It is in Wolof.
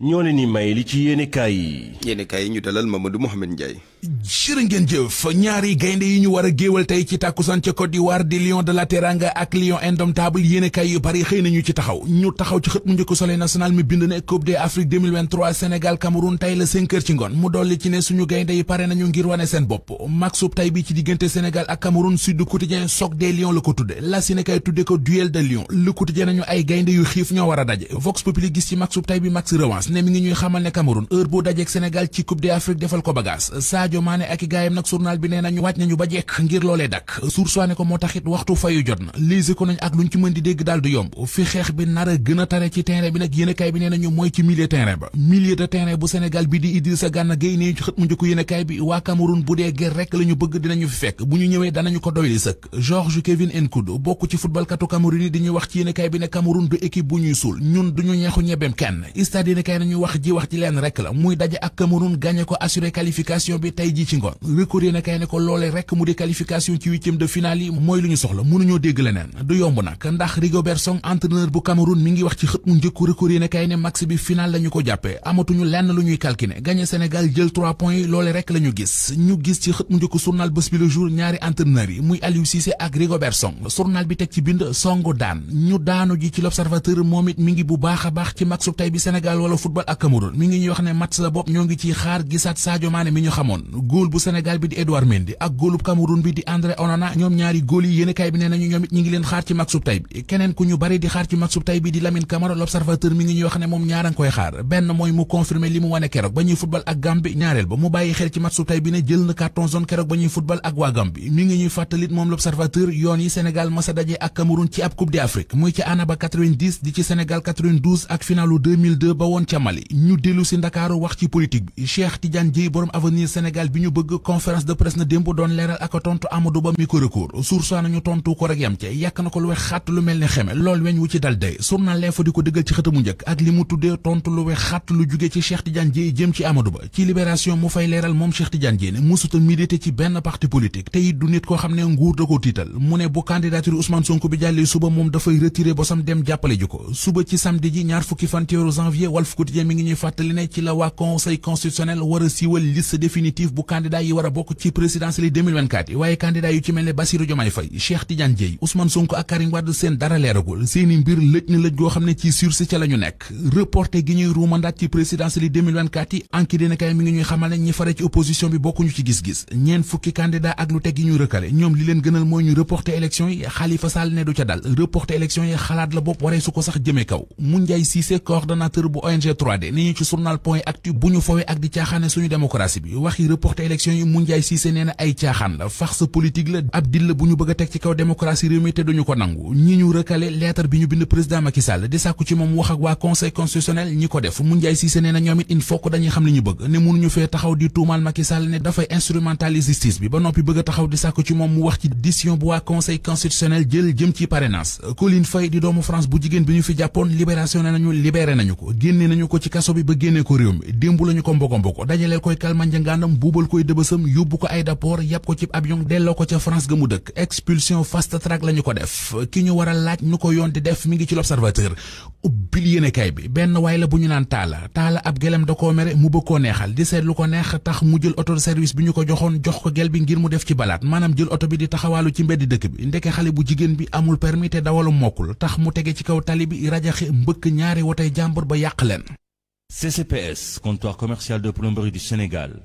ñoo leen ni may li ci yéenekaay yi. yéenekaay yi ñu dalal Mamadou Mouhamed Ndiaye. jërë ngeen jëf ñaari gaynde yi ñu war a géewal tey ci tàkkusaan ca Côte d'Ivoire di lion de la Teranga ak lion indomptable yéene kay yu bari xëy nañu ci taxaw ñu taxaw ci xët mu njëkk Soleil national mi bind ne Coupe d'Afrique 2023 Sénégal Cameroun tey la cinq heures ci ngoon mu dolli ci ne suñu gaynde yi pare nañu ngir wane seen bopp maxub tay bi ci diggante Sénégal ak Cameroun Sud Quotidien soc des lions la ko tudde la si nekay tudde ko duel de lion Le yu xiif ñoo a daje Vox Populi gis ci maxub tay bi max revanche ne mi ngi ñuy xamal ne Cameroun heure boo dajeek Sénégal Coupe d'Afrique defal radio Mané ak gayam nak journal bi nee nañu waaj nañu ba jek ngir lolé dak source wané ko moo taxit waxtu fayu jot na lise ko nañ ak luñ ci mënd di dégg dal du yomb fi xex bi nara gëna tare ci terrain bi nak yene kay bi nee nañu mooy ci milieu terrain ba milieu de terrain bu Sénégal bi di Idrissa Gana Gueye nee ci xët mu yene kay bi wa Cameroun budé dee rek lañu bëgg dinañu fi fekk bu ñu ñëwee danañu ko doyli sëkk georges Kevin Nkoudou bokku ci football katu Cameroun di ñu wax ci yene kay bi ne Cameroun du équipe bu ñuy suul ñun duñu ñexu ñebem kenn stade yene kay nañu wax ji wax ci len rek la muy daje ak Cameroun gagné ko assurer qualification bi tey tey ji ci a ko loolee rek mu di qualification ci huitième de finale yi mooy lu ñu soxla mënuñoo dégg leneen du yomb nag ndax Rigobert Song entraîneur bu Cameroun mi ngi wax ci xët njëkku record yéen a max bi final la ko jàppee amatuñu lenn lu ñuy calculer gagné Sénégal jël trois points yi loolee rek la gis ñu gis ci xët njëkku journal bés jour ñaari entraîneurs yi muy Aliou ak Rigobert Song journal bi teg ci bind Songo daan ñu daanu ji góol bu Sénégal bi di Edouard Mendy ak góolub Cameroun bi di André Onana ñoom ñaari góol yi yéenekaay bi nee nañu ñoom it ñi ngi leen xaar ci match-ub bi keneen ku ñu bari di xaar ci match-ub bi di Lamine Camara l'observateur mi ngi ñuy wax ne moom ñaara koy xaar benn mooy mu confirmer li mu wane keroog ba ñuy football ak Gambie ñaareel ba mu bàyyi xel ci match-ub bi ne jël na carton jaune keroog ba ñuy football ak waa Gambie mi ngi ñuy fàttalit Sénégal bi bëgg conférence de presse na démb doon léral ak tontu Amadou Ba mi ko recours sursoit nañu tontu ko rek yam ci yak na ko lu wax xat lu melni ni lool weñ wu ci dal day journal L'Info di ko dëggal ci xëtamu ñëk ak li mu tuddee tontu lu wax xat lu jugee ci Cheikh Tidiane Dièye jëm ci Amadou Ba ci libération mu fay léral mom Cheikh Tidiane Dièye ne musuta milité ci benn parti politique tay du nit ko xamné nguur da ko tital mu ne bu candidature Ousmane Sonko bi jallé suba moom dafay retiré bosam dem jappalé ju ko suba ci samedi ji ñaar fukki fan janvier Walf Quotidien mi ngi ñuy fatali né ci la wa conseil constitutionnel wara siwal liste définitive effectif bu candidat yi war a bokk ci présidentielle yi waaye candidat yu ci mel ne Bassirou Diomaye Faye Cheikh Tidiane Dièye Ousmane ak Karim Wade seen dara leeragul seeni mbir lëj na lëj goo xam ne ci sursis ca la nekk reporté gi ñuy ruumandaat ci présidentielle yi 2024 yi enquête dina mi ngi ñuy xamal ne ñi fare ci opposition bi bokkuñu ci gis-gis ñeen fukki candidat ak lu teg yi ñu rëkkale ñoom li leen gënal mooy ñu reporté élection yi Khalifa Sall ne d reporté élection yi mu njaay siise nee na ay caaxaan la farce politique la ab dil bu ñu bëgg teg ci kaw démocratie réew mi te duñu ko nangu ñi ñu rëkkale lettre bi ñu bind président Macky di sàkku ci moom wax ak waa conseil constitutionnel ñi ko def mu njaay siise nee ñoom it il faut dañuy xam li ñu bëgg ne mënuñu fee taxaw di tuumaal Macky ne dafay instrumentaliser justice bi ba noppi bëgg a taxaw di sàkku ci moom mu wax ci décision bu fi jàppoon libération ne nañu libéré nañu ko génne ko ci kaso bi ba ko réew mi ko buubal koy dëbësam yóbbu ko aéroport yàpp ko ci avion delloo ko ca France ga mu dëkk expulsion fast track la ko def ki ñu war laaj nu ko yoon di def mi ngi ci l'observateur ubbil yéene kay bi benn waay la bu ñu naan taala taala ab gelam da koo mere mu bëgg koo neexal di seet lu ko neex tax mu jël auto service bi ñu ko joxoon jox ko gel bi ngir mu def ci balaat maanaam jël oto bi di taxawaalu ci mbedd dëkk bi ndeke xale bu jigéen bi amul permis te dawalu mokkul tax mu tege ci kaw tali bi rajaxe mbëkk ñaari wotey jàmbur ba yàq leen CCPS, comptoir commercial de plomberie du Sénégal,